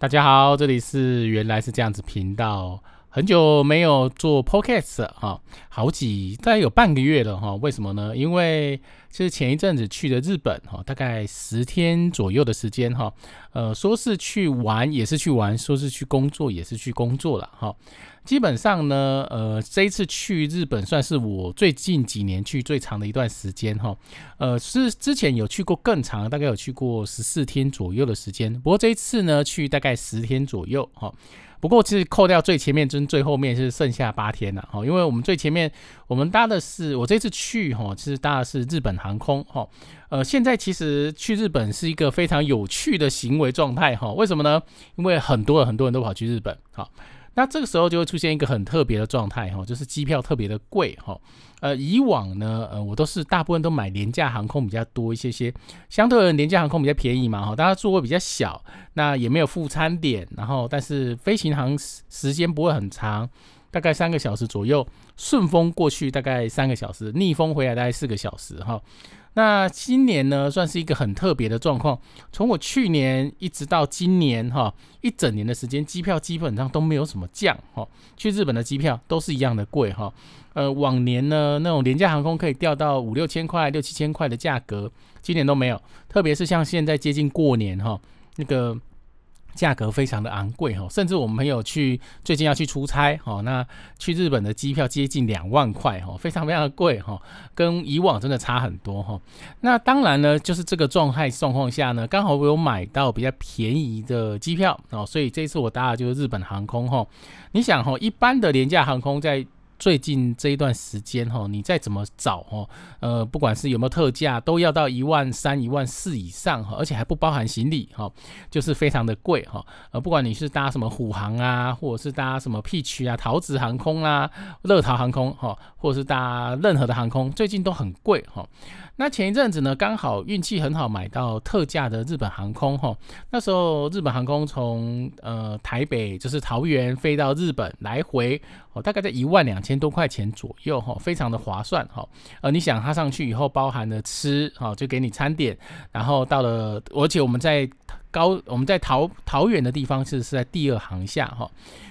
大家好，這裡是原來是這樣子頻道。很久沒有做 podcast 了哈，好幾大概有半個月了哈，為什麼呢？因為其實前一陣子去的日本哈，大概十天左右的時間哈，呃，說是去玩也是去玩，說是去工作也是去工作了哈。基本上呢，呃，這一次去日本算是我最近幾年去最長的一段時間哈，呃，是之前有去過更長，大概有去過十四天左右的時間，不過這一次呢，去大概十天左右哈。呃不過，其實扣掉最前面跟最後面是剩下八天了，啊、哈，因為我們最前面我們搭的是我這次去哈，其實搭的是日本航空哈，呃，現在其實去日本是一個非常有趣的行為狀態哈，為什麼呢？因為很多人很多人都跑去日本哈。啊那這個時候就會出現一個很特別的狀態哈，就是機票特別的貴哈。呃，以往呢，呃，我都是大部分都買廉價航空比較多一些些，相對而言廉價航空比較便宜嘛哈，當然座位比較小，那也沒有附餐點，然後但是飛行航時時間不會很長，大概三個小時左右，順風過去大概三個小時，逆風回來大概四個小時哈。那今年呢，算是一個很特別的狀況。從我去年一直到今年，哈，一整年的時間，機票基本上都沒有什麼降，哈，去日本的機票都是一樣的貴，哈。呃，往年呢，那種廉價航空可以掉到五六千塊、六七千塊的價格，今年都沒有。特別是像現在接近過年，哈，那個。價格非常的昂貴哈，甚至我們朋友去最近要去出差哈，那去日本的機票，接近兩萬塊哦，非常非常的貴哈，跟以往真的差很多哈。那當然呢，就是這個狀態狀況下呢，剛好我有買到比較便宜的機票哦，所以這一次我搭的就是日本航空哈。你想哈，一般的廉價航空在最近這一段時間哈，你再怎麼找呃，不管是有沒有特價，都要到一萬三、一萬四以上哈，而且還不包含行李哈，就是非常的貴哈。呃，不管你是搭什麼虎航啊，或者是搭什麼 P 區啊、陶瓷航空啊、樂桃航空哈，或者是搭任何的航空，最近都很貴哈。那前一陣子呢，剛好運氣很好，買到特價的日本航空哈。那時候日本航空從呃台北就是桃園飛到日本來回。大概在一萬兩千多塊錢左右哈，非常的划算哈。呃，你想它上去以後包含了吃啊、呃，就給你餐點，然後到了，而且我們在高我們在桃桃園的地方是是在第二航廈哈。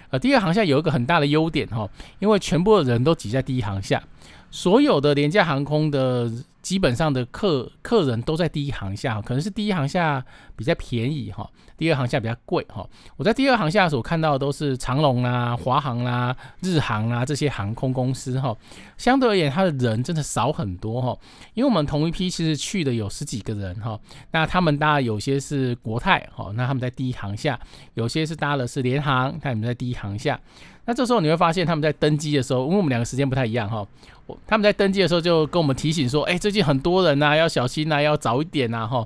呃，第二航廈有一個很大的優點哈、呃，因為全部的人都擠在第一航廈，所有的廉價航空的。基本上的客客人都在第一航廈，可能是第一航廈比較便宜哈，第二航廈比較貴哈。我在第二航廈所看到的都是長榮啊、華航啊、日航啊這些航空公司哈，相對而言它的人真的少很多哈，因為我們同一批其實去的有十幾個人哈，那他們搭有些是國泰哈，那他們在第一航廈，有些是搭的是聯航，看你們在第一航廈。那這時候你會發現，他們在登機的時候，因為我們兩個時間不太一樣哈，他們在登機的時候就跟我們提醒說，誒、欸，最近很多人吶、啊，要小心吶、啊，要早一點吶，哈，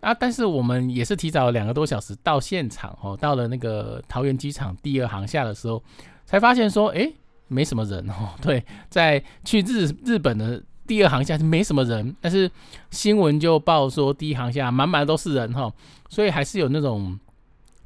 啊，但是我們也是提早了兩個多小時到現場哦，到了那個桃園機場第二航廈的時候，才發現說，誒、欸，沒什麼人哦，對，在去日日本的第二航廈是沒什麼人，但是新聞就報說第一航廈滿滿都是人哈，所以還是有那種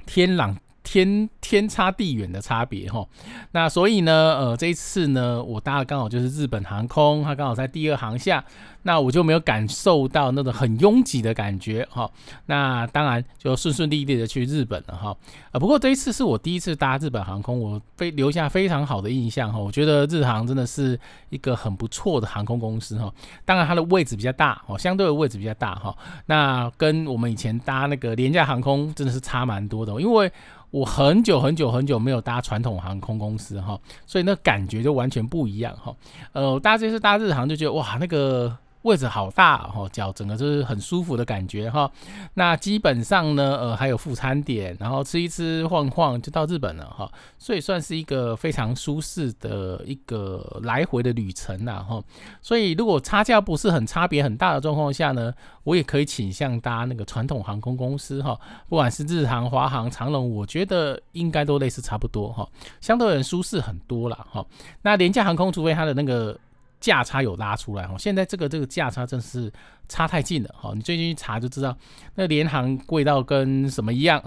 天朗，天天差地遠的差別哈、哦，那所以呢，呃，這一次呢，我搭的剛好就是日本航空，它剛好在第二航廈。那我就沒有感受到那種很擁擠的感覺哈、哦。那當然就順順利利的去日本了哈、哦。啊、呃，不過這一次是我第一次搭日本航空，我非留下非常好的印象哈、哦。我覺得日航真的是一個很不錯的航空公司哈、哦。當然它的位置比較大，哦，相對的位置比較大哈、哦。那跟我們以前搭那個廉價航空真的是差蠻多的、哦，因為。我很久很久很久沒有搭傳統航空公司哈，所以那感覺就完全不一樣哈。呃，我搭這次搭日航就覺得哇，那個。位置好大哈，腳整個就是很舒服的感覺哈。那基本上呢，呃，還有附餐點，然後吃一吃晃晃就到日本了哈。所以算是一個非常舒適的一個來回的旅程啦。哈。所以如果差價不是很差別很大的狀況下呢，我也可以傾向搭那個傳統航空公司哈，不管是日航、華航、長榮，我覺得應該都類似差不多哈，相對而言舒適很多啦。哈。那廉價航空除非它的那個。價差有拉出來哈，現在這個這個價差真是。差太近了，哦，你最近一查就知道，那廉航貴到跟什麼一樣，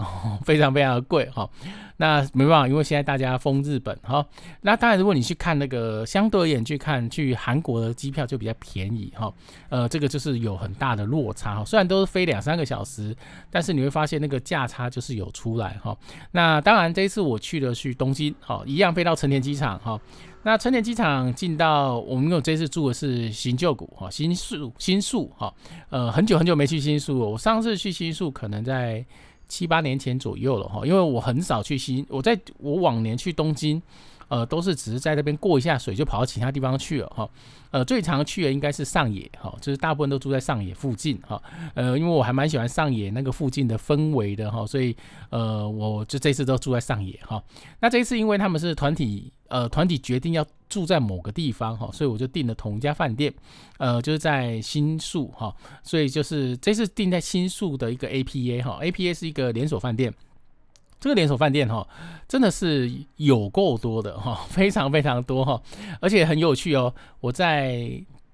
非常非常的貴，哈，那沒辦法，因為現在大家封日本，哈，那當然如果你去看那個相對而言去看去韓國的機票就比較便宜，哈，呃，這個就是有很大的落差，哈，雖然都是飛兩三個小時，但是你會發現那個價差就是有出來，哈，那當然這一次我去了去東京，哈，一樣飛到成田機場，哈，那成田機場進到我們有這次住的是新舊谷，哈，新宿新宿，哈。呃、嗯，很久很久沒去新宿，我上次去新宿可能在七八年前左右了哈，因為我很少去新，我在我往年去東京。呃，都是只是在那邊過一下水，就跑到其他地方去了哈。呃，最常去的應該是上野哈，就是大部分都住在上野附近哈。呃，因為我還蠻喜歡上野那個附近的氛圍的哈，所以呃，我就這次都住在上野哈。那這次因為他們是團體呃團體決定要住在某個地方哈，所以我就訂了同一家飯店，呃，就是在新宿哈，所以就是這次訂在新宿的一個 APA 哈，APA 是一個連鎖飯店。這個連鎖飯店哈，真的是有夠多的哈，非常非常多哈，而且很有趣哦。我在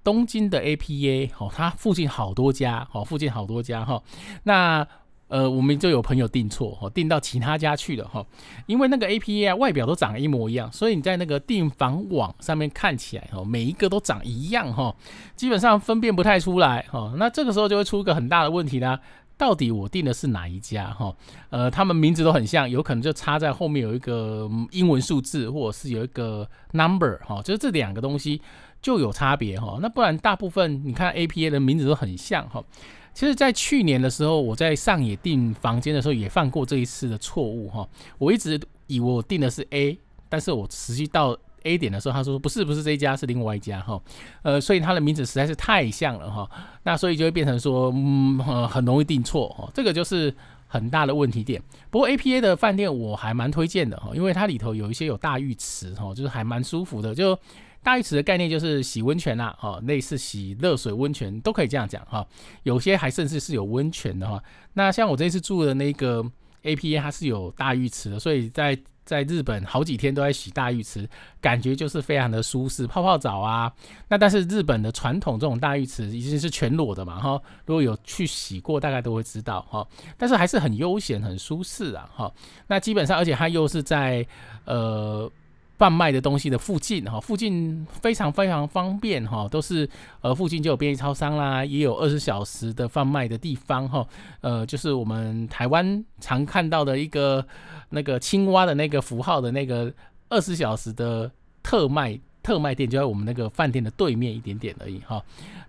東京的 APA 哈，它附近好多家哈，附近好多家哈。那呃，我們就有朋友訂錯哈，訂到其他家去了哈。因為那個 APA 外表都長得一模一樣，所以你在那個訂房網上面看起來哈，每一個都長一樣哈，基本上分辨不太出來哈，那這個時候就會出一個很大的問題啦。到底我訂的是哪一家？哈、哦，呃，他們名字都很像，有可能就差在後面有一個英文數字，或者是有一個 number 哈、哦，就是這兩個東西就有差別哈、哦。那不然大部分你看 APA 的名字都很像哈、哦。其實，在去年的時候，我在上野訂房間的時候也犯過這一次的錯誤哈。我一直以為我訂的是 A，但是我實際到 A 點的時候，他說不是不是這一家，是另外一家哈、哦，呃，所以它的名字實在是太像了哈、哦，那所以就會變成說，嗯，很容易定錯哦，這個就是很大的問題點。不過 APA 的飯店我還蠻推薦的哈、哦，因為它裡頭有一些有大浴池哈、哦，就是還蠻舒服的。就大浴池的概念就是洗溫泉啦、啊，哦，類似洗熱水溫泉都可以這樣講哈、哦，有些還甚至是有溫泉的哈、哦。那像我這次住的那個 APA，它是有大浴池的，所以在在日本好幾天都在洗大浴池，感覺就是非常的舒適，泡泡澡啊。那但是日本的傳統這種大浴池已經是全裸的嘛，哈。如果有去洗過，大概都會知道哈。但是還是很悠閒、很舒適啊，哈。那基本上，而且它又是在，呃。販賣的東西的附近，哈，附近非常非常方便，哈，都是，呃，附近就有便利超商啦，也有二十小時的販賣的地方，哈，呃，就是我們台灣常看到的一個那個青蛙的那個符號的那個二十小時的特賣特賣店，就在我們那個飯店的對面一點點而已，哈。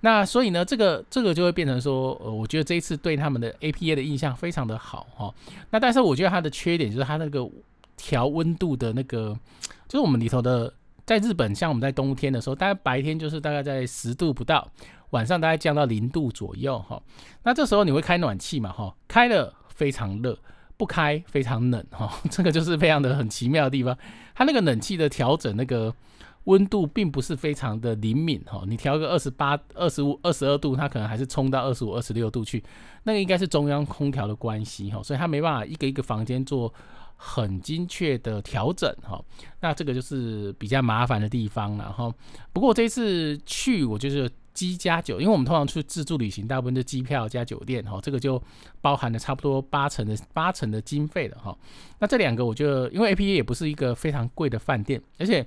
那所以呢，這個這個就會變成說，呃，我覺得這一次對他們的 APA 的印象非常的好，哈。那但是我覺得它的缺點就是它那個。調溫度的那個，就是我們裡頭的，在日本，像我們在冬天的時候，大概白天就是大概在十度不到，晚上大概降到零度左右，哈。那這時候你會開暖氣嘛？哈，開了非常熱，不開非常冷，哈。這個就是非常的很奇妙的地方，它那個冷氣的調整那個。溫度並不是非常的靈敏哈，你調個二十八、二十五、二十二度，它可能還是衝到二十五、二十六度去，那個應該是中央空調的關係哈，所以它沒辦法一個一個房間做很精確的調整哈。那這個就是比較麻煩的地方了哈，然後不過這次去我，我就是機加酒，因為我們通常去自助旅行，大部分就機票加酒店哈，這個就包含了差不多八成的八成的經費了哈。那這兩個我覺得，我就因為 A P A 也不是一個非常貴的飯店，而且。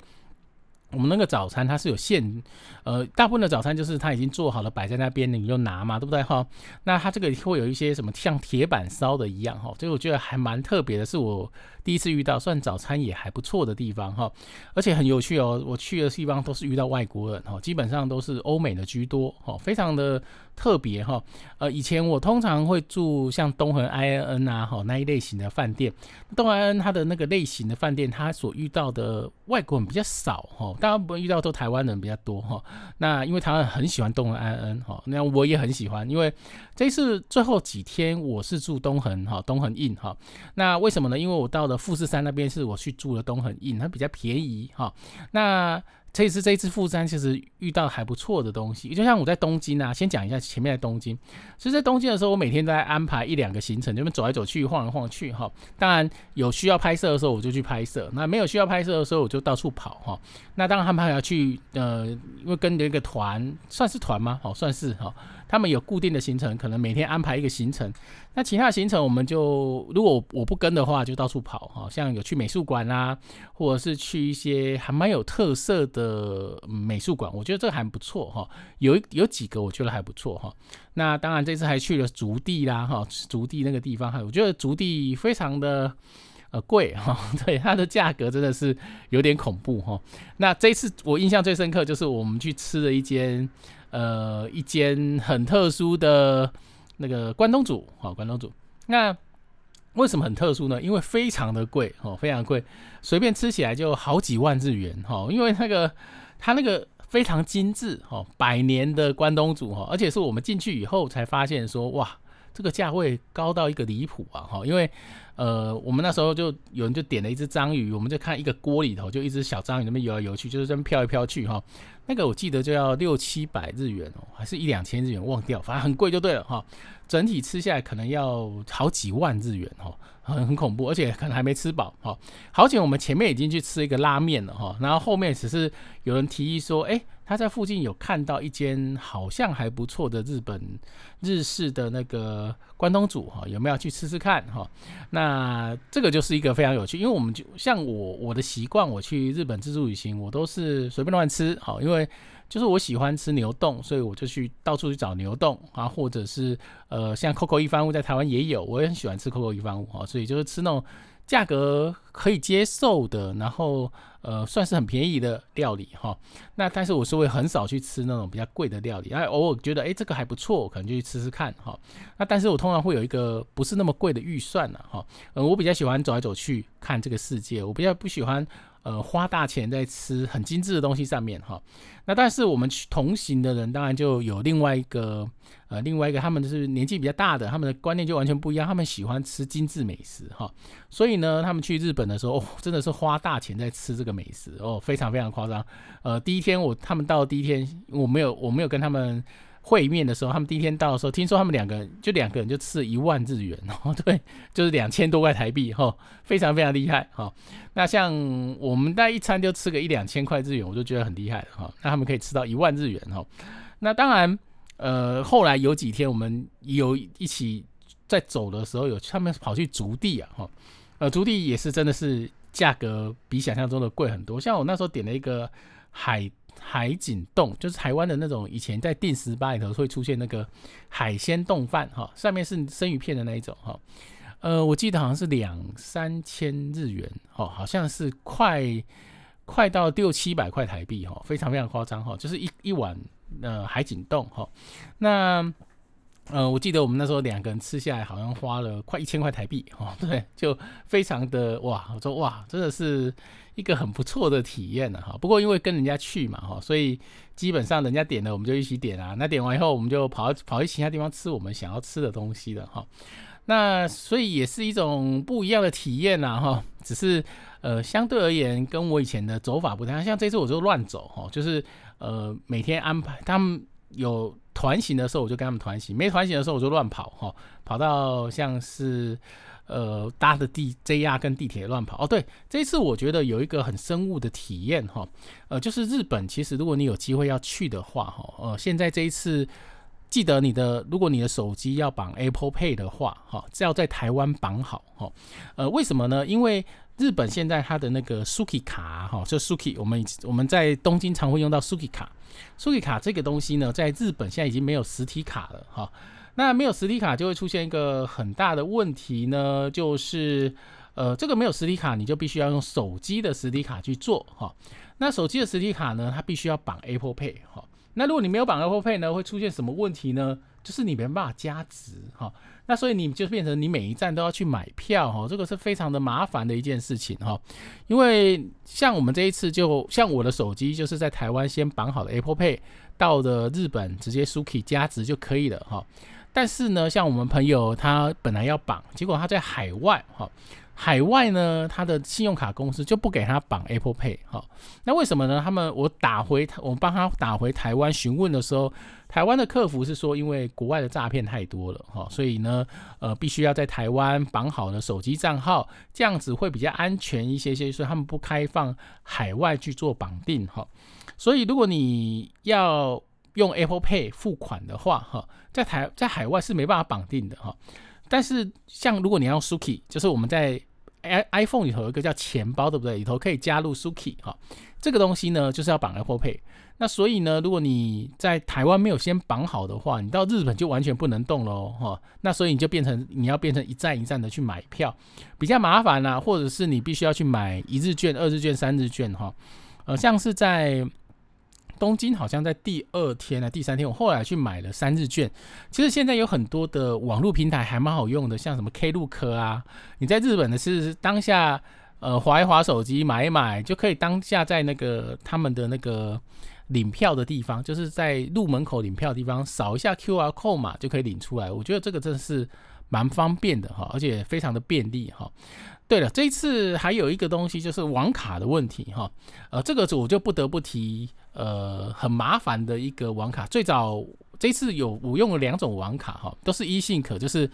我們那個早餐它是有現，呃，大部分的早餐就是他已經做好了擺在那邊，你就拿嘛，對不對？哈、哦，那它這個會有一些什麼像鐵板燒的一樣，哈、哦，所以我覺得還蠻特別的，是我。第一次遇到算早餐也還不錯的地方哈，而且很有趣哦。我去的地方都是遇到外國人哈，基本上都是歐美的居多哦，非常的特別哈。呃，以前我通常會住像東橫 I N N 啊哈那一類型的飯店，東橫 I N 它的那個類型的飯店，它所遇到的外國人比較少哈，大家遇到都台灣人比較多哈。那因為台灣人很喜歡東橫 I N 哈，那我也很喜歡，因為這次最後幾天我是住東橫哈，東橫印哈。那為什麼呢？因為我到了。富士山那邊是我去住的東橫，INN，它比較便宜哈、哦。那這一次這一次富士山其實遇到還不錯的東西，就像我在東京啊，先講一下前面在東京。所以在東京的時候，我每天都在安排一兩個行程，就在那邊走來走去、晃來晃去哈、哦。當然有需要拍攝的時候，我就去拍攝；那沒有需要拍攝的時候，我就到處跑哈、哦。那當然他們還要去呃，因為跟着一個團，算是團嗎？哦，算是哈。哦他們有固定的行程，可能每天安排一個行程。那其他的行程，我們就如果我不跟的話，就到處跑哈，像有去美術館啦，或者是去一些還蠻有特色的美術館，我覺得這個還不錯哈。有有幾個我覺得還不錯哈。那當然這次還去了築地啦哈，築地那個地方哈，我覺得築地非常的呃貴哈，對它的價格真的是有點恐怖哈。那這次我印象最深刻就是我們去吃了一間。呃，一間很特殊的那個關東煮，哦，關東煮。那為什麼很特殊呢？因為非常的貴，哦，非常貴，隨便吃起來就好幾萬日元，哦。因為那個它那個非常精緻，哦，百年的關東煮，哦。而且是我們進去以後才發現說，哇。這個價位高到一個離譜啊！哈，因為，呃，我們那時候就有人就點了一隻章魚，我們就看一個鍋裡頭就一隻小章魚那邊游來游去，就是這麼漂來漂去哈、哦。那個我記得就要六七百日元哦，還是一兩千日元，忘掉，反正很貴就對了哈、哦。整體吃下來可能要好幾萬日元哦，很很恐怖，而且可能還沒吃飽。好、哦，好險我們前面已經去吃一個拉麵了哈，然後後面只是有人提議說，哎。他在附近有看到一間好像還不錯的日本日式的那個關東煮哈，有沒有去吃吃看哈？那這個就是一個非常有趣，因為我們就像我我的習慣，我去日本自助旅行，我都是隨便亂吃，哈，因為就是我喜歡吃牛丼，所以我就去到處去找牛丼啊，或者是呃像 Coco 一番屋在台灣也有，我也很喜歡吃 Coco 一番屋哈，所以就是吃那種。價格可以接受的，然後呃算是很便宜的料理哈、哦。那但是我是會很少去吃那種比較貴的料理，哎偶爾、哦、覺得誒、哎，這個還不錯，我可能就去吃吃看哈、哦。那但是我通常會有一個不是那麼貴的預算哈、啊哦。呃我比較喜歡走來走去看這個世界，我比較不喜歡。呃，花大錢在吃很精致的東西上面哈，那但是我們去同行的人當然就有另外一個呃，另外一個他們就是年紀比較大的，他們的觀念就完全不一樣，他們喜歡吃精致美食哈，所以呢，他們去日本的時候，哦，真的是花大錢在吃這個美食哦，非常非常誇張。呃，第一天我他們到第一天，我沒有我沒有跟他們。會面的時候，他們第一天到的時候，聽說他們兩個就兩個人就吃了一萬日元哦，對，就是兩千多塊台幣哈，非常非常厲害哈。那像我們那一餐就吃個一兩千塊日元，我就覺得很厲害了哈。那他們可以吃到一萬日元哈。那當然，呃，後來有幾天我們有一起在走的時候，有他們跑去築地啊哈，呃，築地也是真的是價格比想象中的貴很多。像我那時候點了一個海。海景凍就是台灣的那種，以前在電視巴裡頭會出現那個海鮮丼飯哈，上面是生魚片的那一種哈，呃，我記得好像是兩三千日元哈，好像是快快到六七百塊台幣哈，非常非常誇張哈，就是一一碗呃海景凍哈，那。嗯、呃，我記得我們那時候兩個人吃下來，好像花了快一千塊台幣哦，對，就非常的哇，我說哇，真的是一個很不錯的體驗了、啊、哈。不過因為跟人家去嘛哈、哦，所以基本上人家點了我們就一起點啊，那點完以後我們就跑跑一起去其他地方吃我們想要吃的東西了哈、哦。那所以也是一種不一樣的體驗啊。哈、哦，只是呃相對而言跟我以前的走法不太像，像這次我就亂走哈、哦，就是呃每天安排他們。有團行的時候，我就跟他們團行；沒團行的時候，我就亂跑哈、哦，跑到像是呃搭著地 JR 跟地鐵亂跑。哦，對，這一次我覺得有一個很深入的體驗哈、哦，呃，就是日本其實如果你有機會要去的話哈、哦，呃，現在這一次。記得你的，如果你的手機要綁 Apple Pay 的話，哈、哦，只要在台灣綁好，哈、哦，呃，為什麼呢？因為日本現在它的那個 Suica 卡，哈、哦，就 Suica，我們我們在東京常會用到 Suica 卡。Suica 卡這個東西呢，在日本現在已經沒有實體卡了，哈、哦，那沒有實體卡就會出現一個很大的問題呢，就是，呃，這個沒有實體卡，你就必須要用手機的實體卡去做，哈、哦，那手機的實體卡呢，它必須要綁 Apple Pay 哈、哦。那如果你沒有綁 Apple Pay 呢，會出現什麼問題呢？就是你沒辦法加值哈、哦，那所以你就變成你每一站都要去買票哈、哦，這個是非常的麻煩的一件事情哈、哦。因為像我們這一次就，就像我的手機就是在台灣先綁好了 Apple Pay，到了日本直接 Suica 加值就可以了哈、哦。但是呢，像我們朋友他本來要綁，結果他在海外哈。哦海外呢，他的信用卡公司就不給他綁 Apple Pay 哈、哦。那為什麼呢？他們我打回我我幫他打回台灣詢問的時候，台灣的客服是說，因為國外的詐騙太多了哈、哦，所以呢，呃，必須要在台灣綁好了手機賬號，這樣子會比較安全一些些，所以他們不開放海外去做綁定哈、哦。所以如果你要用 Apple Pay 付款的話哈、哦，在台在海外是沒辦法綁定的哈、哦。但是像如果你要 Suica 就是我們在 iPhone 裡頭有一個叫錢包，對不對？裡頭可以加入 Suica 哈、哦，這個東西呢，就是要綁 Apple Pay。那所以呢，如果你在台灣沒有先綁好的話，你到日本就完全不能動嘍哈、哦。那所以你就變成你要變成一站一站的去買票，比較麻煩啦、啊，或者是你必須要去買一日券、二日券、三日券哈、哦。呃，像是在東京好像在第二天啊，第三天，我後來去買了三日券。其實現在有很多的網絡平台還蠻好用的，像什麼 K 祿科啊，你在日本的是當下，呃，劃一劃手機買一買就可以，當下在那個他們的那個領票的地方，就是在入門口領票的地方掃一下 QR code 嘛就可以領出來。我覺得這個真的是蠻方便的哈，而且非常的便利哈。對了，這一次還有一個東西，就是網卡的問題哈，呃，這個組我就不得不提，呃，很麻煩的一個網卡。最早這次有我用了兩種網卡哈，都是 eSIM 卡，就是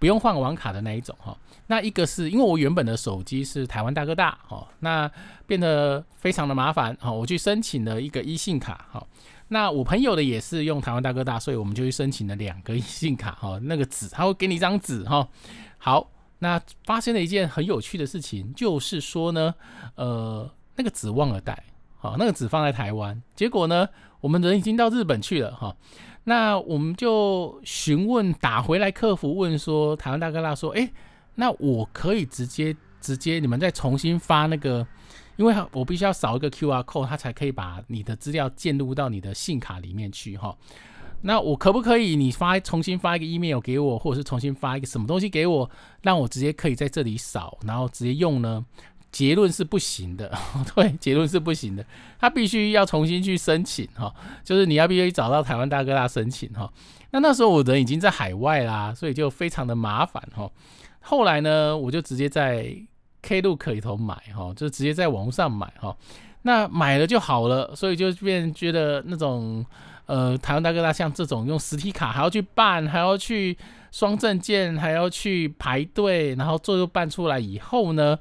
不用換網卡的那一種哈。那一個是因為我原本的手機是台灣大哥大哦，那變得非常的麻煩哦，我去申請了一個 eSIM 卡哈。那我朋友的也是用台灣大哥大，所以我們就去申請了兩個 eSIM 卡哈。那個紙，他會給你一張紙哈，好。那發生了一件很有趣的事情，就是說呢，呃，那個紙忘了帶，好、哦，那個紙放在台灣，結果呢，我們人已經到日本去了，哈、哦，那我們就詢問打回來客服問說，台灣大哥大說，誒，那我可以直接直接你們再重新發那個，因為我必須要掃一個 QR code，它才可以把你的資料建入到你的信卡裡面去，哈、哦。那我可不可以你發重新發一個 email 給我，或者是重新發一個什麼東西給我，讓我直接可以在這裡掃，然後直接用呢？結論是不行的，呵呵，對，結論是不行的，他必須要重新去申請哈、哦，就是你要必須找到台灣大哥大申請哈、哦。那那時候我人已經在海外啦，所以就非常的麻煩哈、哦。後來呢，我就直接在 Klook 裡頭買哈、哦，就直接在網上買哈、哦。那買了就好了，所以就變覺得那種。呃，台灣大哥大像這種用實體卡，還要去辦，還要去雙證件，還要去排隊，然後做又辦出來以後呢，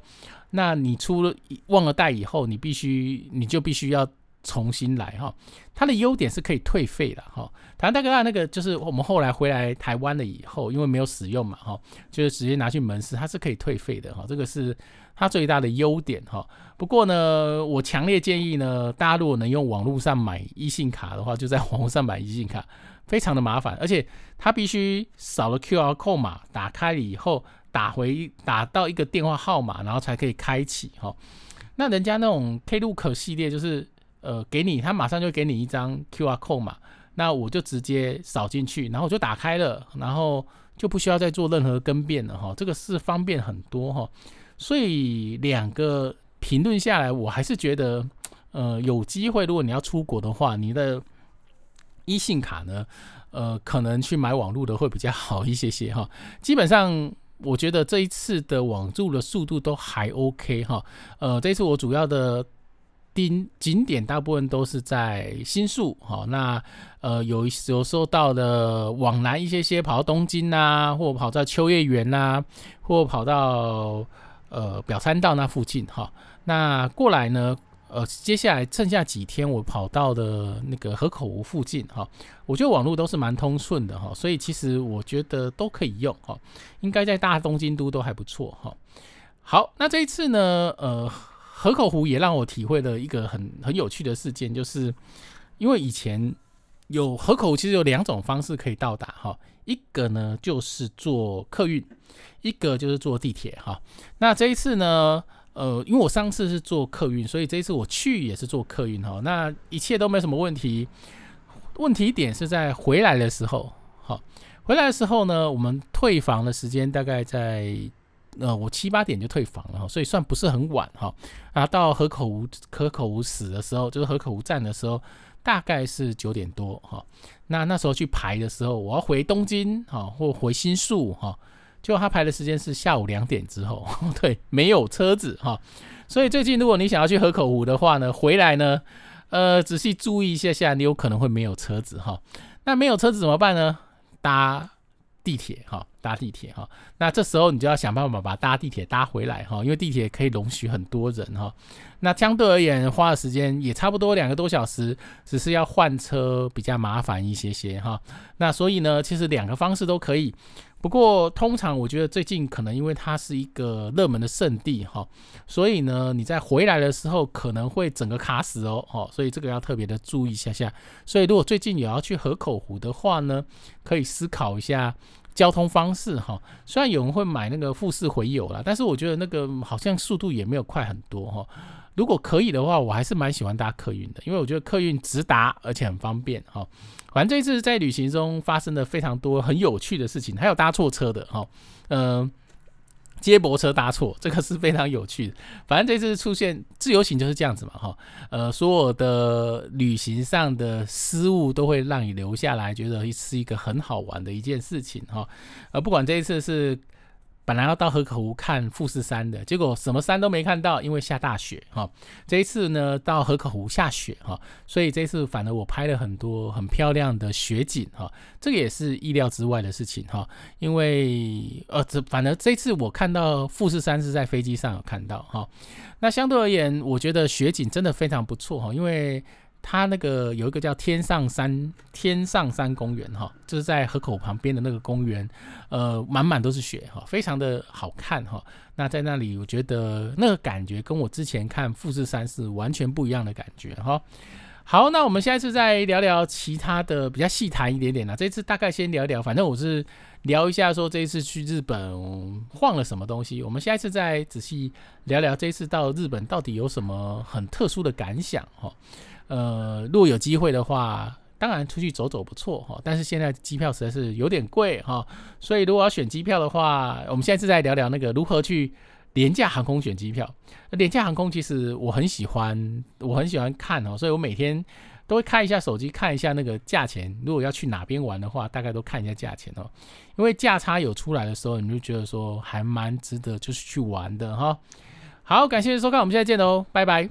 那你出了忘了帶以後，你必須你就必須要重新來哈、哦。它的優點是可以退費的哈。台灣大哥大那個就是我們後來回來台灣了以後，因為沒有使用嘛哈、哦，就是直接拿去門市，它是可以退費的哈、哦。這個是。它最大的優點哈，不過呢，我強烈建議呢，大家如果能用網絡上買 eSIM 卡的話，就在網絡上買 eSIM 卡。非常的麻煩，而且它必須掃了 Q R Code 碼，打開了以後打回打到一個電話號碼，然後才可以開啟哈。那人家那種 KLOOK 系列就是呃，給你他馬上就給你一張 Q R Code 碼，那我就直接掃進去，然後我就打開了，然後就不需要再做任何更變了哈。這個是方便很多哈。所以兩個評論下來，我還是覺得，呃，有機會，如果你要出國的話，你的一信卡呢，呃，可能去買網路的會比較好一些些哈、哦。基本上，我覺得這一次的網路的速度都還 OK 哈、哦。呃，這次我主要的盯景點大部分都是在新宿哈、哦，那呃有有時候到的往南一些些，跑到東京啊，或跑到秋葉原啊，或跑到。呃，表參道那附近哈、哦，那過來呢？呃，接下來剩下幾天我跑到的那個河口湖附近哈、哦，我覺得網絡都是蠻通順的哈、哦，所以其實我覺得都可以用哈、哦，應該在大東京都都還不錯哈、哦。好，那這一次呢，呃，河口湖也讓我體會了一個很很有趣的事件，就是因為以前有河口，其實有兩種方式可以到達哈、哦，一個呢就是坐客運。一個就是坐地鐵哈，那這一次呢，呃，因為我上次是坐客運，所以這一次我去也是坐客運哈，那一切都沒什麼問題。問題點是在回來的時候，哈，回來的時候呢，我們退房的時間大概在呃我七八點就退房了哈，所以算不是很晚哈。然、啊、後到河口湖河口湖駅的時候，就是河口湖站的時候，大概是九點多哈。那那時候去排的時候，我要回東京哈，或回新宿哈。就他排的時間是下午兩點之後，對，沒有車子哈，所以最近如果你想要去河口湖的話呢，回來呢，呃，仔細注意一下下，你有可能會沒有車子哈。那沒有車子怎麼辦呢？搭地鐵哈，搭地鐵哈。那這時候你就要想辦法把搭地鐵搭回來哈，因為地鐵可以容許很多人哈。那相對而言，花的時間也差不多兩個多小時，只是要換車比較麻煩一些些哈。那所以呢，其實兩個方式都可以。不過，通常我覺得最近可能因為它是一個熱門的聖地哈、哦，所以呢，你在回來的時候可能會整個卡死哦，哦，所以這個要特別的注意一下下。所以如果最近有要去河口湖的話呢，可以思考一下交通方式哈、哦。雖然有人會買那個富士回遊啦，但是我覺得那個好像速度也沒有快很多哈、哦。如果可以的話，我還是蠻喜歡搭客運的，因為我覺得客運直達而且很方便哈、哦。反正這次在旅行中發生了非常多很有趣的事情，還有搭錯車的哈，嗯、呃，接駁車搭錯，這個是非常有趣的。反正這次出現自由行就是這樣子嘛哈，呃，所有的旅行上的失誤都會讓你留下來，覺得是一個很好玩的一件事情哈。呃，不管這一次是。本來要到河口湖看富士山的，結果什麼山都沒看到，因為下大雪哈、哦。這一次呢，到河口湖下雪哈、哦，所以這次反而我拍了很多很漂亮的雪景哈、哦。這個也是意料之外的事情哈、哦，因為呃，這反而這次我看到富士山是在飛機上有看到哈、哦。那相對而言，我覺得雪景真的非常不錯哈、哦，因為。它那個有一個叫天上山，天上山公園哈，就是在河口旁邊的那個公園，呃，滿滿都是雪哈，非常的好看哈。那在那裡，我覺得那個感覺跟我之前看富士山是完全不一樣的感覺哈。好，那我們下一次再聊聊其他的，比較細談一點點啦、啊。這次大概先聊一聊，反正我是聊一下說這一次去日本晃了什麼東西。我們下一次再仔細聊聊這一次到日本到底有什麼很特殊的感想哈、哦。呃，如果有機會的話，當然出去走走不錯哈、哦，但是現在機票實在是有點貴哈、哦，所以如果要選機票的話，我們下一次再聊聊那個如何去。廉價航空選機票，廉價航空其實我很喜歡，我很喜歡看哦，所以我每天都會看一下手機，看一下那個價錢。如果要去哪邊玩的話，大概都看一下價錢哦，因為價差有出來的時候，你就覺得說還蠻值得，就是去玩的哈、哦。好，感謝收看，我們下次見哦，拜拜。